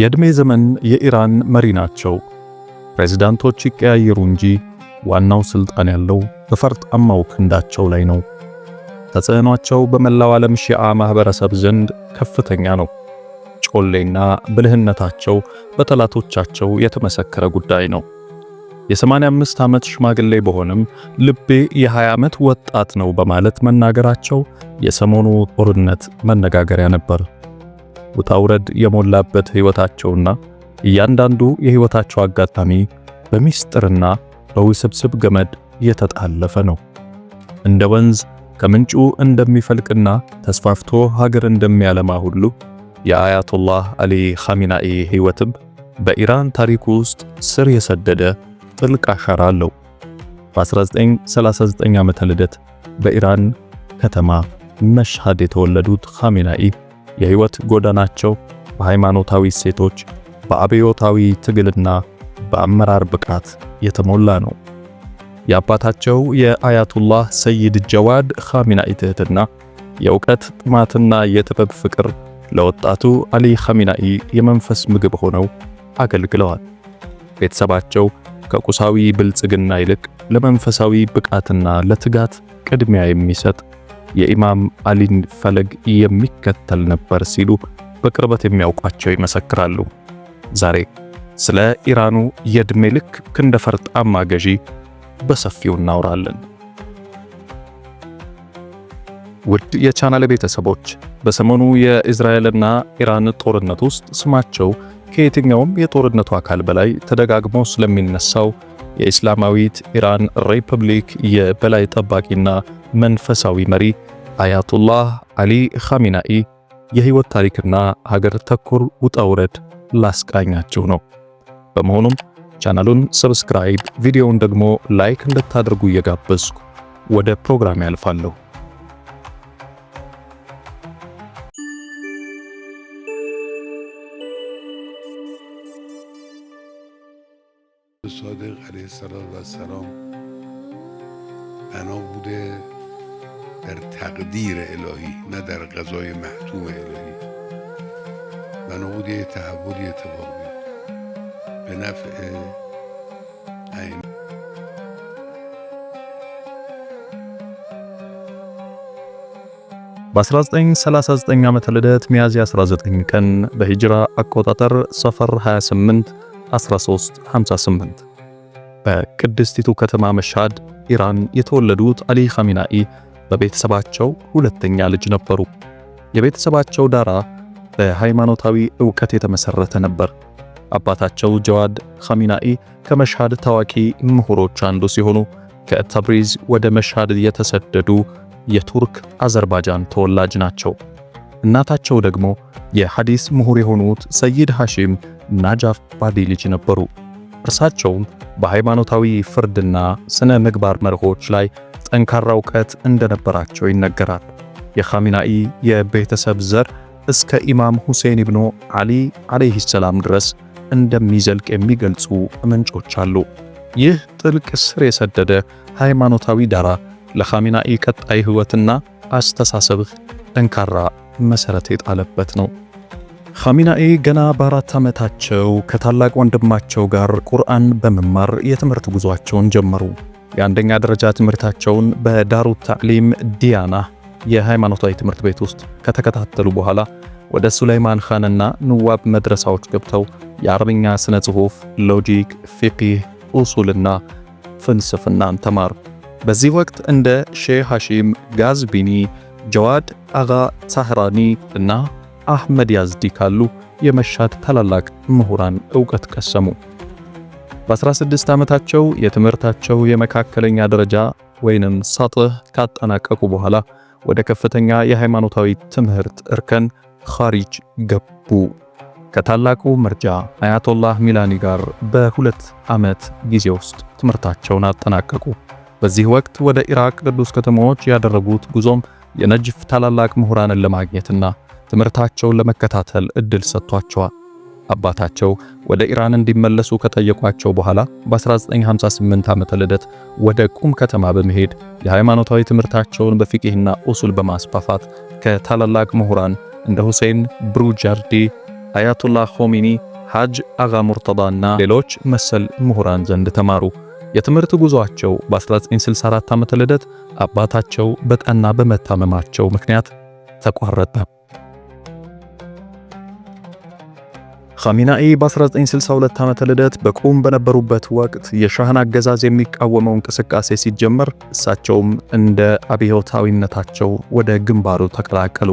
የዕድሜ ዘመን የኢራን መሪ ናቸው። ፕሬዝዳንቶች ይቀያየሩ እንጂ ዋናው ስልጣን ያለው በፈርጣማው ክንዳቸው ላይ ነው። ተጽዕኗቸው በመላው ዓለም ሺዓ ማህበረሰብ ዘንድ ከፍተኛ ነው። ጮሌና ብልህነታቸው በጠላቶቻቸው የተመሰከረ ጉዳይ ነው። የ85 ዓመት ሽማግሌ በሆንም ልቤ የ20 ዓመት ወጣት ነው በማለት መናገራቸው የሰሞኑ ጦርነት መነጋገሪያ ነበር። ውጣ ውረድ የሞላበት ሕይወታቸውና እያንዳንዱ የሕይወታቸው አጋጣሚ በሚስጥርና በውስብስብ ገመድ የተጣለፈ ነው። እንደ ወንዝ ከምንጩ እንደሚፈልቅና ተስፋፍቶ ሀገር እንደሚያለማ ሁሉ የአያቶላህ አሊ ኻሚናኢ ሕይወትም በኢራን ታሪክ ውስጥ ስር የሰደደ ጥልቅ አሻራ አለው። በ1939 ዓመተ ልደት በኢራን ከተማ መሽሃድ የተወለዱት ኻሚናኢ የህይወት ጎዳናቸው በሃይማኖታዊ እሴቶች፣ በአብዮታዊ ትግልና በአመራር ብቃት የተሞላ ነው። የአባታቸው የአያቱላህ ሰይድ ጀዋድ ኻሚናኢ ትህትና፣ የእውቀት ጥማትና የጥበብ ፍቅር ለወጣቱ አሊ ኻሚናኢ የመንፈስ ምግብ ሆነው አገልግለዋል። ቤተሰባቸው ከቁሳዊ ብልጽግና ይልቅ ለመንፈሳዊ ብቃትና ለትጋት ቅድሚያ የሚሰጥ የኢማም አሊን ፈለግ የሚከተል ነበር ሲሉ በቅርበት የሚያውቋቸው ይመሰክራሉ። ዛሬ ስለ ኢራኑ የዕድሜ ልክ ክንደ ፈርጣማ ገዢ በሰፊው እናውራለን። ውድ የቻናል ቤተሰቦች በሰሞኑ የእስራኤልና ኢራን ጦርነት ውስጥ ስማቸው ከየትኛውም የጦርነቱ አካል በላይ ተደጋግሞ ስለሚነሳው የእስላማዊት ኢራን ሪፐብሊክ የበላይ ጠባቂና መንፈሳዊ መሪ አያቱላህ አሊ ኻሚናኢ የህይወት ታሪክና ሀገር ተኮር ውጣ ውረድ ላስቃኛችሁ ነው። በመሆኑም ቻናሉን ሰብስክራይብ፣ ቪዲዮውን ደግሞ ላይክ እንድታደርጉ እየጋበዝኩ ወደ ፕሮግራም ያልፋለሁ። صادق علیه السلام بنا بوده در تقدیر الهی نه در غذای محتوم الهی بنا بوده یه تحولی اتفاق بیفته به نفع این በ1939 ዓ ም ሚያዝያ 19 ቀን በሂጅራ አቆጣጠር ሰፈር 28 1358 በቅድስቲቱ ከተማ መሻድ ኢራን የተወለዱት አሊ ኻሚናኢ በቤተሰባቸው ሁለተኛ ልጅ ነበሩ። የቤተሰባቸው ዳራ በሃይማኖታዊ ዕውቀት የተመሠረተ ነበር። አባታቸው ጀዋድ ኻሚናኢ ከመሻድ ታዋቂ ምሁሮች አንዱ ሲሆኑ ከተብሪዝ ወደ መሻድ የተሰደዱ የቱርክ አዘርባጃን ተወላጅ ናቸው። እናታቸው ደግሞ የሐዲስ ምሁር የሆኑት ሰይድ ሐሺም ናጃፍ ባዲ ልጅ ነበሩ። እርሳቸውም በሃይማኖታዊ ፍርድና ስነ ምግባር መርሆች ላይ ጠንካራ እውቀት እንደነበራቸው ይነገራል። የኻሚናኢ የቤተሰብ ዘር እስከ ኢማም ሁሴን ኢብኑ ዓሊ ዓለይሂ ሰላም ድረስ እንደሚዘልቅ የሚገልጹ ምንጮች አሉ። ይህ ጥልቅ ስር የሰደደ ሃይማኖታዊ ዳራ ለኻሚናኢ ቀጣይ ሕይወትና አስተሳሰብህ ጠንካራ መሠረት የጣለበት ነው። ኻሚናኤ ገና በአራት ዓመታቸው ከታላቅ ወንድማቸው ጋር ቁርአን በመማር የትምህርት ጉዟቸውን ጀመሩ። የአንደኛ ደረጃ ትምህርታቸውን በዳሩ ታዕሊም ዲያና የሃይማኖታዊ ትምህርት ቤት ውስጥ ከተከታተሉ በኋላ ወደ ሱላይማን ኻንና ንዋብ መድረሳዎች ገብተው የአረብኛ ስነ ጽሑፍ፣ ሎጂክ፣ ፊቂህ፣ ኡሱልና ፍልስፍናን ተማሩ። በዚህ ወቅት እንደ ሼህ ሐሺም ጋዝቢኒ፣ ጀዋድ አጋ ሳህራኒ እና አህመድ ያዝዲ ካሉ የመሻድ ታላላቅ ምሁራን ዕውቀት ቀሰሙ። በ16 ዓመታቸው የትምህርታቸው የመካከለኛ ደረጃ ወይንም ሳጥህ ካጠናቀቁ በኋላ ወደ ከፍተኛ የሃይማኖታዊ ትምህርት እርከን ኻሪጅ ገቡ። ከታላቁ መርጃ አያቶላህ ሚላኒ ጋር በሁለት ዓመት ጊዜ ውስጥ ትምህርታቸውን አጠናቀቁ። በዚህ ወቅት ወደ ኢራቅ ቅዱስ ከተሞች ያደረጉት ጉዞም የነጅፍ ታላላቅ ምሁራንን ለማግኘትና ትምህርታቸውን ለመከታተል እድል ሰጥቷቸዋል። አባታቸው ወደ ኢራን እንዲመለሱ ከጠየቋቸው በኋላ በ1958 ዓመተ ልደት ወደ ቁም ከተማ በመሄድ የሃይማኖታዊ ትምህርታቸውን በፊቅህና ኡሱል በማስፋፋት ከታላላቅ ምሁራን እንደ ሁሴን ብሩጃርዲ፣ አያቱላህ ኾሚኒ፣ ሐጅ አጋ ሙርተዳና ሌሎች መሰል ምሁራን ዘንድ ተማሩ። የትምህርት ጉዟቸው በ1964 ዓመተ ልደት አባታቸው በጠና በመታመማቸው ምክንያት ተቋረጠ። ኻሜናኢ በ1962 ዓመተ ልደት በቁም በነበሩበት ወቅት የሻህን አገዛዝ የሚቃወመው እንቅስቃሴ ሲጀመር እሳቸውም እንደ አብዮታዊነታቸው ወደ ግንባሩ ተቀላቀሉ።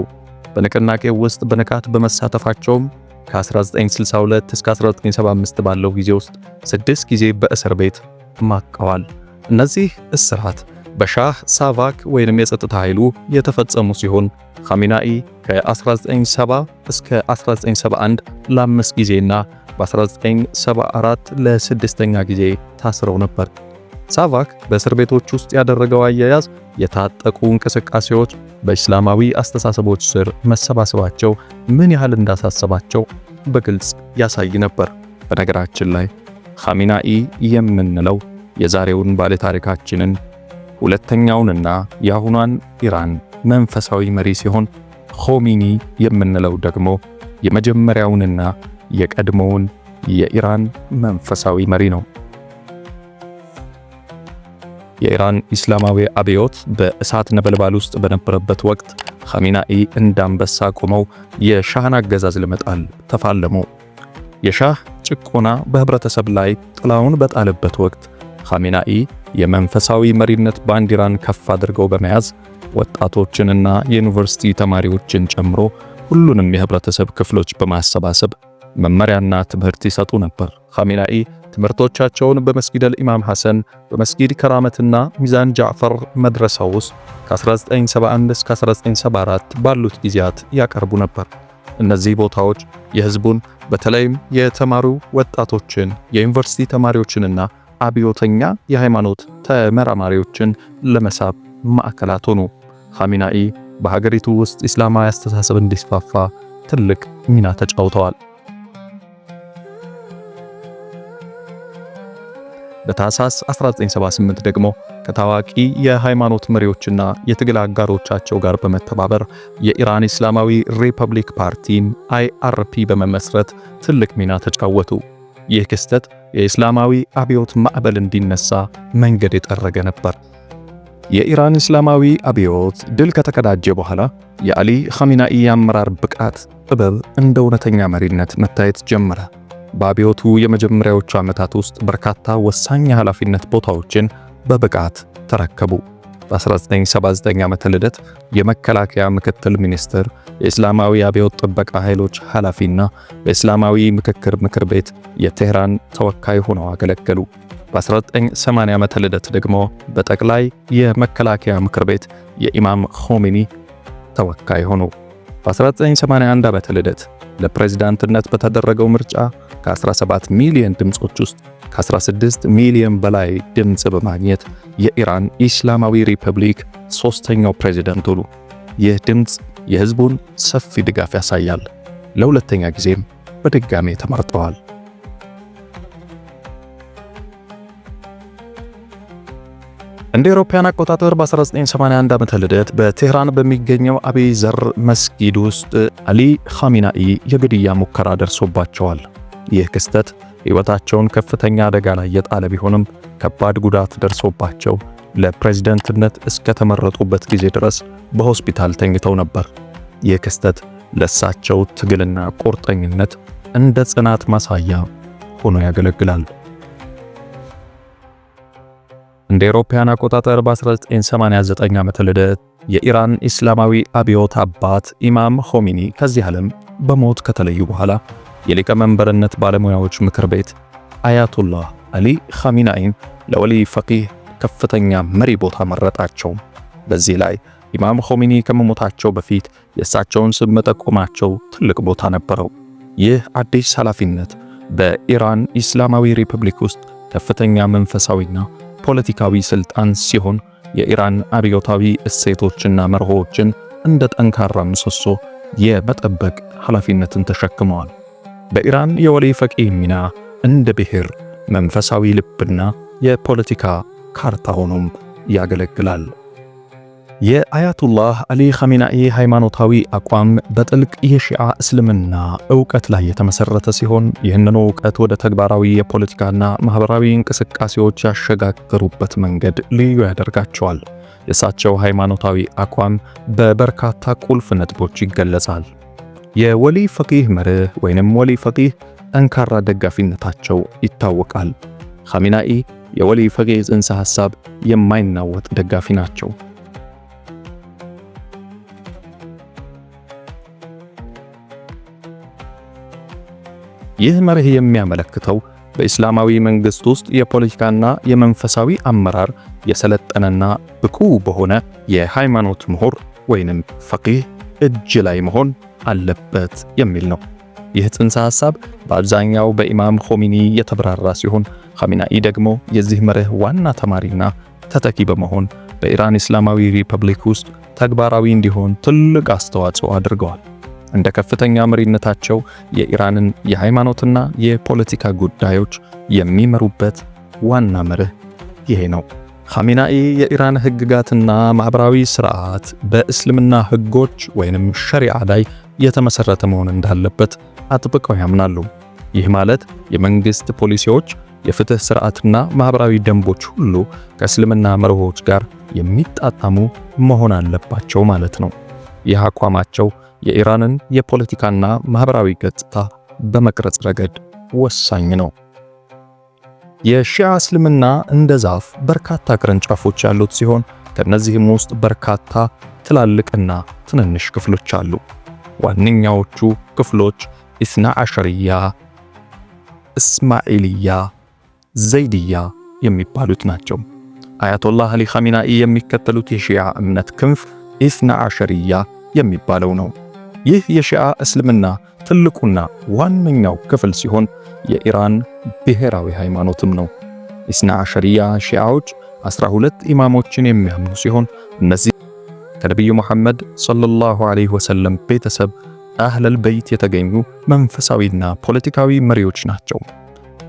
በንቅናቄ ውስጥ በንቃት በመሳተፋቸውም ከ1962 እስከ 1975 ባለው ጊዜ ውስጥ ስድስት ጊዜ በእስር ቤት ማቀዋል። እነዚህ እስራት በሻህ ሳቫክ ወይም የጸጥታ ኃይሉ የተፈጸሙ ሲሆን ኻሜናኢ ከ1970 እስከ 1971 ለአምስት ጊዜና በ1974 ለስድስተኛ ጊዜ ታስረው ነበር። ሳቫክ በእስር ቤቶች ውስጥ ያደረገው አያያዝ የታጠቁ እንቅስቃሴዎች በእስላማዊ አስተሳሰቦች ስር መሰባሰባቸው ምን ያህል እንዳሳሰባቸው በግልጽ ያሳይ ነበር። በነገራችን ላይ ኻሜናኢ የምንለው የዛሬውን ባለታሪካችንን ሁለተኛውንና የአሁኗን ኢራን መንፈሳዊ መሪ ሲሆን ኾሚኒ የምንለው ደግሞ የመጀመሪያውንና የቀድሞውን የኢራን መንፈሳዊ መሪ ነው። የኢራን ኢስላማዊ አብዮት በእሳት ነበልባል ውስጥ በነበረበት ወቅት ኸሚናኢ እንዳንበሳ ቆመው የሻህን አገዛዝ ለመጣል ተፋለሙ። የሻህ ጭቆና በህብረተሰብ ላይ ጥላውን በጣለበት ወቅት ኸሚናኢ የመንፈሳዊ መሪነት ባንዲራን ከፍ አድርገው በመያዝ ወጣቶችንና የዩኒቨርሲቲ ተማሪዎችን ጨምሮ ሁሉንም የህብረተሰብ ክፍሎች በማሰባሰብ መመሪያና ትምህርት ይሰጡ ነበር። ኻሜናኢ ትምህርቶቻቸውን በመስጊድ ኢማም ሐሰን በመስጊድ ከራመትና ሚዛን ጃዕፈር መድረሳ ውስጥ ከ1971 እስከ 1974 ባሉት ጊዜያት ያቀርቡ ነበር። እነዚህ ቦታዎች የህዝቡን በተለይም የተማሩ ወጣቶችን የዩኒቨርሲቲ ተማሪዎችንና አብዮተኛ የሃይማኖት ተመራማሪዎችን ለመሳብ ማዕከላት ሆኑ። ኻሜናኢ በሀገሪቱ ውስጥ ኢስላማዊ አስተሳሰብ እንዲስፋፋ ትልቅ ሚና ተጫውተዋል። በታህሳስ 1978 ደግሞ ከታዋቂ የሃይማኖት መሪዎችና የትግል አጋሮቻቸው ጋር በመተባበር የኢራን ኢስላማዊ ሪፐብሊክ ፓርቲን አይአርፒ በመመስረት ትልቅ ሚና ተጫወቱ። ይህ ክስተት የእስላማዊ አብዮት ማዕበል እንዲነሳ መንገድ የጠረገ ነበር። የኢራን እስላማዊ አብዮት ድል ከተቀዳጀ በኋላ የአሊ ኻሚናኢ የአመራር ብቃት ጥበብ እንደ እውነተኛ መሪነት መታየት ጀመረ። በአብዮቱ የመጀመሪያዎቹ ዓመታት ውስጥ በርካታ ወሳኝ የኃላፊነት ቦታዎችን በብቃት ተረከቡ። በ1979 ዓመተ ልደት የመከላከያ ምክትል ሚኒስትር፣ የእስላማዊ አብዮት ጥበቃ ኃይሎች ኃላፊና በእስላማዊ ምክክር ምክር ቤት የቴህራን ተወካይ ሆነው አገለገሉ። በ1980 ዓመተ ልደት ደግሞ በጠቅላይ የመከላከያ ምክር ቤት የኢማም ሆሚኒ ተወካይ ሆኑ። በ1981 ዓመተ ልደት ለፕሬዝዳንትነት በተደረገው ምርጫ ከ17 ሚሊዮን ድምጾች ውስጥ ከ16 ሚሊዮን በላይ ድምፅ በማግኘት የኢራን ኢስላማዊ ሪፐብሊክ ሶስተኛው ፕሬዚደንት ሆኑ። ይህ ድምፅ የህዝቡን ሰፊ ድጋፍ ያሳያል። ለሁለተኛ ጊዜም በድጋሜ ተመርጠዋል። እንደ አውሮፓውያን አቆጣጠር በ1981 ዓመተ ልደት በቴህራን በሚገኘው አብይ ዘር መስጊድ ውስጥ አሊ ኻሚናኢ የግድያ ሙከራ ደርሶባቸዋል። ይህ ክስተት ሕይወታቸውን ከፍተኛ አደጋ ላይ የጣለ ቢሆንም ከባድ ጉዳት ደርሶባቸው ለፕሬዝደንትነት እስከተመረጡበት ጊዜ ድረስ በሆስፒታል ተኝተው ነበር። ይህ ክስተት ለእሳቸው ትግልና ቁርጠኝነት እንደ ጽናት ማሳያ ሆኖ ያገለግላል። እንደ አውሮፓውያን አቆጣጠር በ1989 ዓመተ ልደት የኢራን ኢስላማዊ አብዮት አባት ኢማም ሆሚኒ ከዚህ ዓለም በሞት ከተለዩ በኋላ የሊቀመንበርነት ባለሙያዎች ምክር ቤት አያቱላህ አሊ ኻሚናኢን ለወሊ ፈቂህ ከፍተኛ መሪ ቦታ መረጣቸው። በዚህ ላይ ኢማም ኾሜኒ ከመሞታቸው በፊት የእሳቸውን ስም መጠቆማቸው ትልቅ ቦታ ነበረው። ይህ አዲስ ኃላፊነት በኢራን ኢስላማዊ ሪፐብሊክ ውስጥ ከፍተኛ መንፈሳዊና ፖለቲካዊ ስልጣን ሲሆን የኢራን አብዮታዊ እሴቶችና መርሆዎችን እንደ ጠንካራ ምሰሶ የመጠበቅ ኃላፊነትን ተሸክመዋል። በኢራን የወልይ ፈቂህ ሚና እንደ ብሔር መንፈሳዊ ልብና የፖለቲካ ካርታ ሆኖም ያገለግላል። የአያቱላህ አሊ ኻሜናኢ ሃይማኖታዊ አቋም በጥልቅ የሺዓ እስልምና ዕውቀት ላይ የተመሠረተ ሲሆን ይህንን ዕውቀት ወደ ተግባራዊ የፖለቲካና ማኅበራዊ እንቅስቃሴዎች ያሸጋገሩበት መንገድ ልዩ ያደርጋቸዋል። የእሳቸው ሃይማኖታዊ አቋም በበርካታ ቁልፍ ነጥቦች ይገለጻል። የወሊ ፈቂህ መርህ ወይንም ወሊ ፈቂህ ጠንካራ ደጋፊነታቸው ይታወቃል። ኻሚናኢ የወሊ ፈቂህ ጽንሰ ሐሳብ የማይናወጥ ደጋፊ ናቸው። ይህ መርህ የሚያመለክተው በኢስላማዊ መንግስት ውስጥ የፖለቲካና የመንፈሳዊ አመራር የሰለጠነና ብቁ በሆነ የሃይማኖት ምሁር ወይንም ፈቂህ እጅ ላይ መሆን አለበት የሚል ነው። ይህ ጽንሰ ሐሳብ በአብዛኛው በኢማም ኾሚኒ የተብራራ ሲሆን ኻሚናኢ ደግሞ የዚህ መርህ ዋና ተማሪና ተተኪ በመሆን በኢራን እስላማዊ ሪፐብሊክ ውስጥ ተግባራዊ እንዲሆን ትልቅ አስተዋጽኦ አድርገዋል። እንደ ከፍተኛ መሪነታቸው የኢራንን የሃይማኖትና የፖለቲካ ጉዳዮች የሚመሩበት ዋና መርህ ይሄ ነው። ኻሜናኢ የኢራን ሕግጋትና ማኅበራዊ ሥርዓት በእስልምና ሕጎች ወይንም ሸሪዓ ላይ የተመሠረተ መሆን እንዳለበት አጥብቀው ያምናሉ። ይህ ማለት የመንግሥት ፖሊሲዎች፣ የፍትሕ ሥርዓትና ማኅበራዊ ደንቦች ሁሉ ከእስልምና መርሆች ጋር የሚጣጣሙ መሆን አለባቸው ማለት ነው። ይህ አቋማቸው የኢራንን የፖለቲካና ማኅበራዊ ገጽታ በመቅረጽ ረገድ ወሳኝ ነው። የሺያ እስልምና እንደ ዛፍ በርካታ ቅርንጫፎች ያሉት ሲሆን ከነዚህም ውስጥ በርካታ ትላልቅና ትንንሽ ክፍሎች አሉ። ዋነኛዎቹ ክፍሎች ኢስና አሸርያ፣ እስማኤልያ፣ ዘይድያ የሚባሉት ናቸው። አያቶላህ አሊ ኻሚናኢ የሚከተሉት የሺያ እምነት ክንፍ ኢስና አሸርያ የሚባለው ነው። ይህ የሺያ እስልምና ትልቁና ዋነኛው ክፍል ሲሆን የኢራን ብሔራዊ ሃይማኖትም ነው። ኢስና አሸሪያ ሺዓዎች 12 ኢማሞችን የሚያምኑ ሲሆን እነዚህ ከነቢዩ መሐመድ ሰለላሁ ዐለይሂ ወሰለም ቤተሰብ አህለል በይት የተገኙ መንፈሳዊና ፖለቲካዊ መሪዎች ናቸው።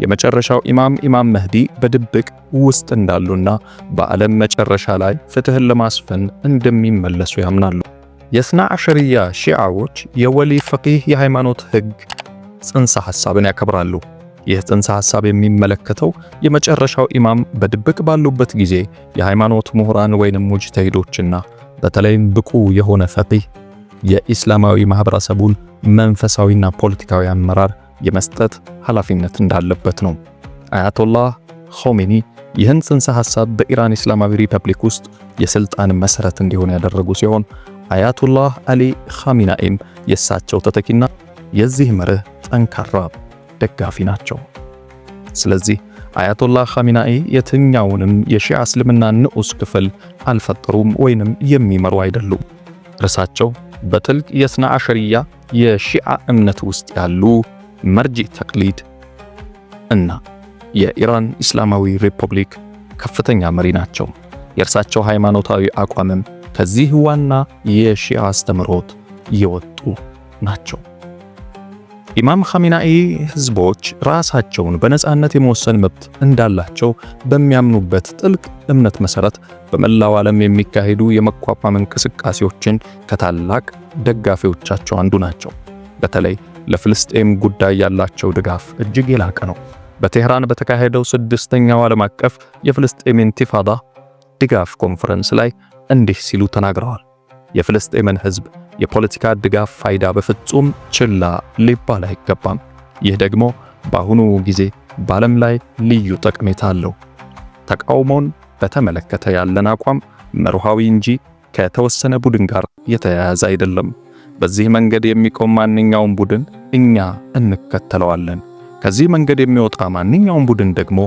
የመጨረሻው ኢማም ኢማም መህዲ በድብቅ ውስጥ እንዳሉና በዓለም መጨረሻ ላይ ፍትህን ለማስፈን እንደሚመለሱ ያምናሉ። የስና አሸሪያ ሺዓዎች የወሊ ፈቂህ የሃይማኖት ህግ ጽንሰ ሐሳብን ያከብራሉ። ይህ ጽንሰ ሐሳብ የሚመለከተው የመጨረሻው ኢማም በድብቅ ባሉበት ጊዜ የሃይማኖት ምሁራን ወይንም ሙጅተሂዶችና በተለይም ብቁ የሆነ ፈቂህ የኢስላማዊ ማህበረሰቡን መንፈሳዊና ፖለቲካዊ አመራር የመስጠት ኃላፊነት እንዳለበት ነው። አያቶላህ ኾሜኒ ይህን ጽንሰ ሐሳብ በኢራን ኢስላማዊ ሪፐብሊክ ውስጥ የስልጣን መሰረት እንዲሆን ያደረጉ ሲሆን አያቱላህ አሊ ኻሚናኤም የእሳቸው ተተኪና የዚህ መርህ ጠንካራ ደጋፊ ናቸው። ስለዚህ አያቶላህ ኻሚናኢ የትኛውንም የሺዓ እስልምና ንዑስ ክፍል አልፈጠሩም ወይንም የሚመሩ አይደሉም። እርሳቸው በጥልቅ የስነ አሸሪያ የሺዓ እምነት ውስጥ ያሉ መርጂ ተቅሊድ እና የኢራን እስላማዊ ሪፐብሊክ ከፍተኛ መሪ ናቸው። የእርሳቸው ሃይማኖታዊ አቋምም ከዚህ ዋና የሺዓ አስተምሮት የወጡ ናቸው። ኢማም ኻሜናኢ ህዝቦች ራሳቸውን በነጻነት የመወሰን መብት እንዳላቸው በሚያምኑበት ጥልቅ እምነት መሰረት በመላው ዓለም የሚካሄዱ የመቋቋም እንቅስቃሴዎችን ከታላቅ ደጋፊዎቻቸው አንዱ ናቸው። በተለይ ለፍልስጤም ጉዳይ ያላቸው ድጋፍ እጅግ የላቀ ነው። በቴህራን በተካሄደው ስድስተኛው ዓለም አቀፍ የፍልስጤም ኢንቲፋዳ ድጋፍ ኮንፈረንስ ላይ እንዲህ ሲሉ ተናግረዋል። የፍልስጤምን ህዝብ የፖለቲካ ድጋፍ ፋይዳ በፍጹም ችላ ሊባል አይገባም። ይህ ደግሞ በአሁኑ ጊዜ በዓለም ላይ ልዩ ጠቀሜታ አለው። ተቃውሞን በተመለከተ ያለን አቋም መርሃዊ እንጂ ከተወሰነ ቡድን ጋር የተያያዘ አይደለም። በዚህ መንገድ የሚቆም ማንኛውም ቡድን እኛ እንከተለዋለን። ከዚህ መንገድ የሚወጣ ማንኛውም ቡድን ደግሞ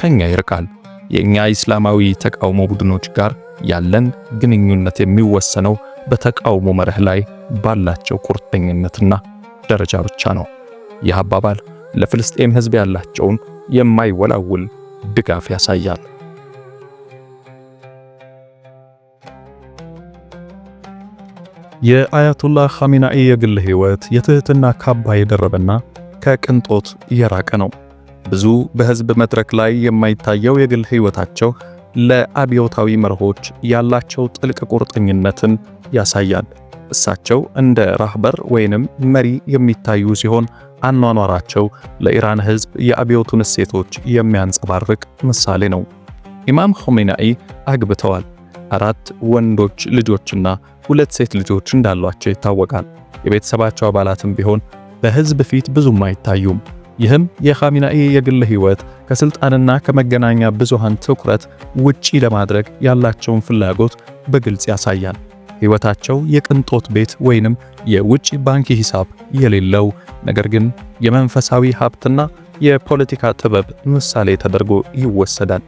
ከኛ ይርቃል። የእኛ ኢስላማዊ ተቃውሞ ቡድኖች ጋር ያለን ግንኙነት የሚወሰነው በተቃውሞ መርህ ላይ ባላቸው ቁርጠኝነትና ደረጃ ብቻ ነው። ይህ አባባል ለፍልስጤም ሕዝብ ያላቸውን የማይወላውል ድጋፍ ያሳያል። የአያቱላህ ኻሜናኢ የግል ሕይወት የትህትና ካባ የደረበና ከቅንጦት የራቀ ነው። ብዙ በሕዝብ መድረክ ላይ የማይታየው የግል ሕይወታቸው ለአብዮታዊ መርሆች ያላቸው ጥልቅ ቁርጠኝነትን ያሳያል። እሳቸው እንደ ራህበር ወይንም መሪ የሚታዩ ሲሆን አኗኗራቸው ለኢራን ሕዝብ የአብዮቱን እሴቶች የሚያንጸባርቅ ምሳሌ ነው። ኢማም khomeini አግብተዋል። አራት ወንዶች ልጆችና ሁለት ሴት ልጆች እንዳሏቸው ይታወቃል። የቤተሰባቸው አባላትም ቢሆን በሕዝብ ፊት ብዙም አይታዩም። ይህም የኻሜናኢ የግል ሕይወት ከስልጣንና ከመገናኛ ብዙሃን ትኩረት ውጪ ለማድረግ ያላቸውን ፍላጎት በግልጽ ያሳያል። ሕይወታቸው የቅንጦት ቤት ወይንም የውጭ ባንክ ሂሳብ የሌለው ነገር ግን የመንፈሳዊ ሀብትና የፖለቲካ ጥበብ ምሳሌ ተደርጎ ይወሰዳል።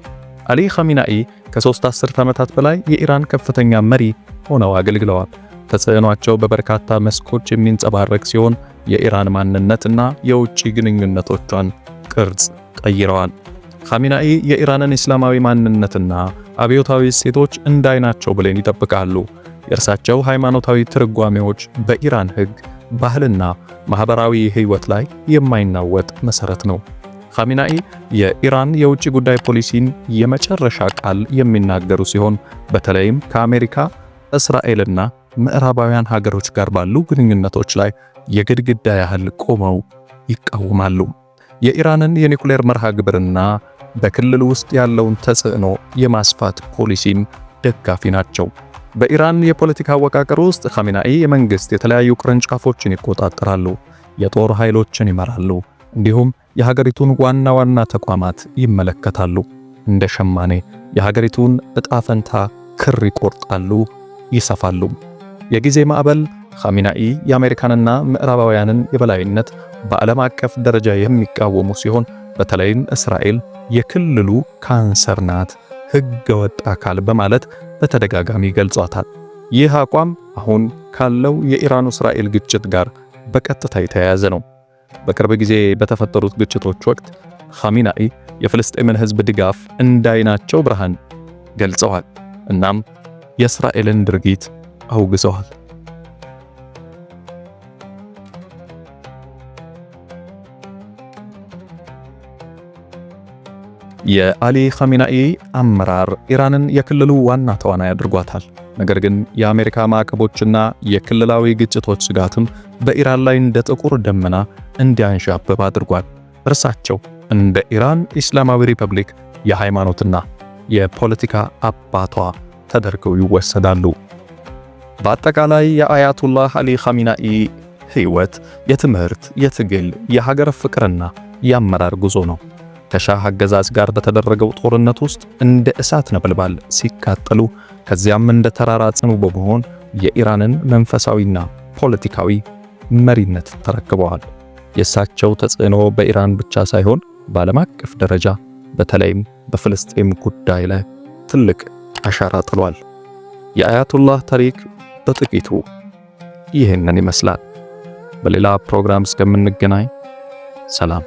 አሊ ኻሜናኢ ከሦስት አስርት ዓመታት በላይ የኢራን ከፍተኛ መሪ ሆነው አገልግለዋል። ተጽዕኗቸው በበርካታ መስኮች የሚንጸባረቅ ሲሆን የኢራን ማንነትና የውጭ ግንኙነቶቿን ቅርጽ ቀይረዋል። ካሚናኢ የኢራንን እስላማዊ ማንነትና አብዮታዊ እሴቶች እንዳይናቸው ብለን ይጠብቃሉ። የእርሳቸው ሃይማኖታዊ ትርጓሜዎች በኢራን ሕግ፣ ባህልና ማኅበራዊ ሕይወት ላይ የማይናወጥ መሠረት ነው። ካሚናኢ የኢራን የውጭ ጉዳይ ፖሊሲን የመጨረሻ ቃል የሚናገሩ ሲሆን በተለይም ከአሜሪካ እስራኤልና ምዕራባውያን ሀገሮች ጋር ባሉ ግንኙነቶች ላይ የግድግዳ ያህል ቆመው ይቃወማሉ። የኢራንን የኒኩሌር መርሃ ግብርና በክልል ውስጥ ያለውን ተጽዕኖ የማስፋት ፖሊሲም ደጋፊ ናቸው። በኢራን የፖለቲካ አወቃቀር ውስጥ ኻሜናኢ የመንግስት የተለያዩ ቅርንጫፎችን ይቆጣጠራሉ፣ የጦር ኃይሎችን ይመራሉ፣ እንዲሁም የሀገሪቱን ዋና ዋና ተቋማት ይመለከታሉ። እንደ ሸማኔ የሀገሪቱን ዕጣ ፈንታ ክር ይቆርጣሉ፣ ይሰፋሉ። የጊዜ ማዕበል ኻሚናኢ የአሜሪካንና ምዕራባውያንን የበላይነት በዓለም አቀፍ ደረጃ የሚቃወሙ ሲሆን በተለይም እስራኤል የክልሉ ካንሰር ናት፣ ሕገ ወጥ አካል በማለት በተደጋጋሚ ገልጿታል። ይህ አቋም አሁን ካለው የኢራን እስራኤል ግጭት ጋር በቀጥታ የተያያዘ ነው። በቅርብ ጊዜ በተፈጠሩት ግጭቶች ወቅት ኻሚናኢ የፍልስጤምን ሕዝብ ድጋፍ እንዳይናቸው ብርሃን ገልጸዋል። እናም የእስራኤልን ድርጊት አውግዘዋል። የአሊ ኻሜናኢ አመራር ኢራንን የክልሉ ዋና ተዋናይ አድርጓታል። ነገር ግን የአሜሪካ ማዕቀቦችና የክልላዊ ግጭቶች ስጋትም በኢራን ላይ እንደ ጥቁር ደመና እንዲያንዣብብ አድርጓል። እርሳቸው እንደ ኢራን ኢስላማዊ ሪፐብሊክ የሃይማኖትና የፖለቲካ አባቷ ተደርገው ይወሰዳሉ። በአጠቃላይ የአያቱላህ አሊ ኻሚናኢ ሕይወት የትምህርት፣ የትግል፣ የሀገር ፍቅርና የአመራር ጉዞ ነው። ከሻህ አገዛዝ ጋር በተደረገው ጦርነት ውስጥ እንደ እሳት ነበልባል ሲቃጠሉ፣ ከዚያም እንደ ተራራ ጽኑ በመሆን የኢራንን መንፈሳዊና ፖለቲካዊ መሪነት ተረክበዋል። የእሳቸው ተጽዕኖ በኢራን ብቻ ሳይሆን በዓለም አቀፍ ደረጃ በተለይም በፍልስጤም ጉዳይ ላይ ትልቅ አሻራ ጥሏል። የአያቱላህ ታሪክ በጥቂቱ ይህንን ይመስላል። በሌላ ፕሮግራም እስከምንገናኝ ሰላም።